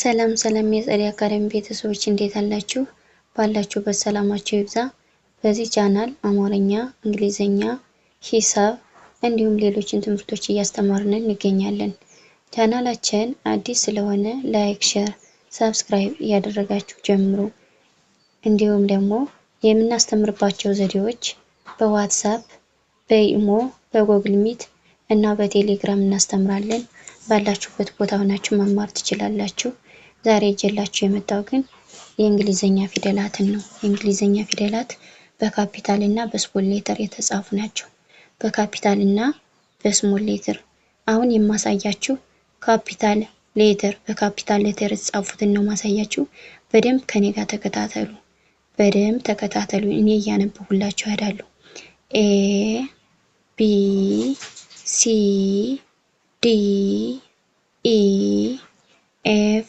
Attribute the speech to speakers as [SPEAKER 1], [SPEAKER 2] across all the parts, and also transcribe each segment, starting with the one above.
[SPEAKER 1] ሰላም ሰላም የጸደይ አካዳሚ ቤተሰቦች እንዴት አላችሁ? ባላችሁበት ሰላማችሁ ይብዛ። በዚህ ቻናል አማርኛ፣ እንግሊዝኛ ሂሳብ እንዲሁም ሌሎችን ትምህርቶች እያስተማርን እንገኛለን። ቻናላችን አዲስ ስለሆነ ላይክ፣ ሼር፣ ሰብስክራይብ እያደረጋችሁ ጀምሩ። እንዲሁም ደግሞ የምናስተምርባቸው ዘዴዎች በዋትሳፕ፣ በኢሞ፣ በጎግል ሚት እና በቴሌግራም እናስተምራለን። ባላችሁበት ቦታ ሆናችሁ መማር ትችላላችሁ። ዛሬ ይዤላችሁ የመጣው ግን የእንግሊዝኛ ፊደላትን ነው። የእንግሊዝኛ ፊደላት በካፒታል እና በስሞል ሌተር የተጻፉ ናቸው። በካፒታል እና በስሞል ሌተር አሁን የማሳያችሁ ካፒታል ሌተር በካፒታል ሌተር የተጻፉትን ነው ማሳያችሁ። በደንብ ከኔ ጋር ተከታተሉ። በደንብ ተከታተሉ። እኔ እያነብሁላችሁ እሄዳለሁ። ኤ ቢ ሲ ዲ ኢ ኤፍ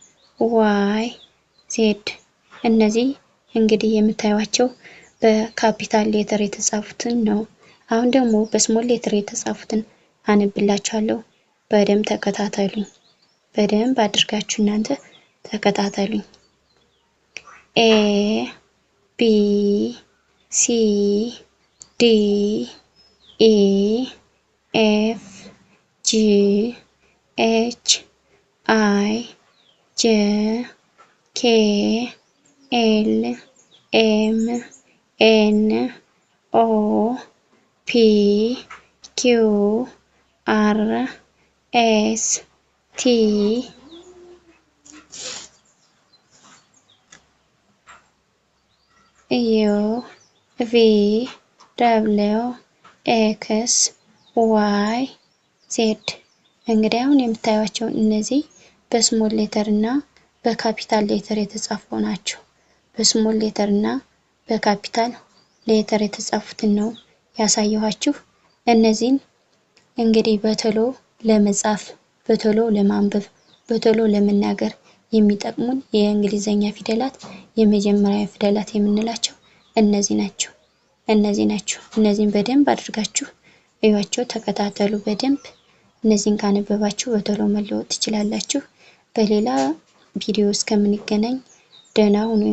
[SPEAKER 1] ዋይ፣ ዜድ እነዚህ እንግዲህ የምታዩቸው በካፒታል ሌተር የተጻፉትን ነው። አሁን ደግሞ በስሞል ሌተር የተጻፉትን አነብላችኋለሁ። በደንብ ተከታተሉ። በደንብ አድርጋችሁ እናንተ ተከታተሉ ኤ ቢ ሲ ዲ ኢ ኤፍ ጂ ኤች አይ J, K, L, M, N, O, P, Q, R, S, T. U, V, W, X, Y, Z እንግዲህ አሁን የምታዩቸው እነዚህ በስሞል ሌተር እና በካፒታል ሌተር የተጻፉ ናቸው። በስሞል ሌተር እና በካፒታል ሌተር የተጻፉትን ነው ያሳየኋችሁ። እነዚህን እንግዲህ በቶሎ ለመጻፍ፣ በቶሎ ለማንበብ፣ በቶሎ ለመናገር የሚጠቅሙን የእንግሊዘኛ ፊደላት የመጀመሪያ ፊደላት የምንላቸው እነዚህ ናቸው። እነዚህ ናቸው። እነዚህን በደንብ አድርጋችሁ እዩዋቸው፣ ተከታተሉ በደንብ እነዚህን ካነበባችሁ በቶሎ መለወጥ ትችላላችሁ። በሌላ ቪዲዮ እስከምንገናኝ ደህና ሁኑ።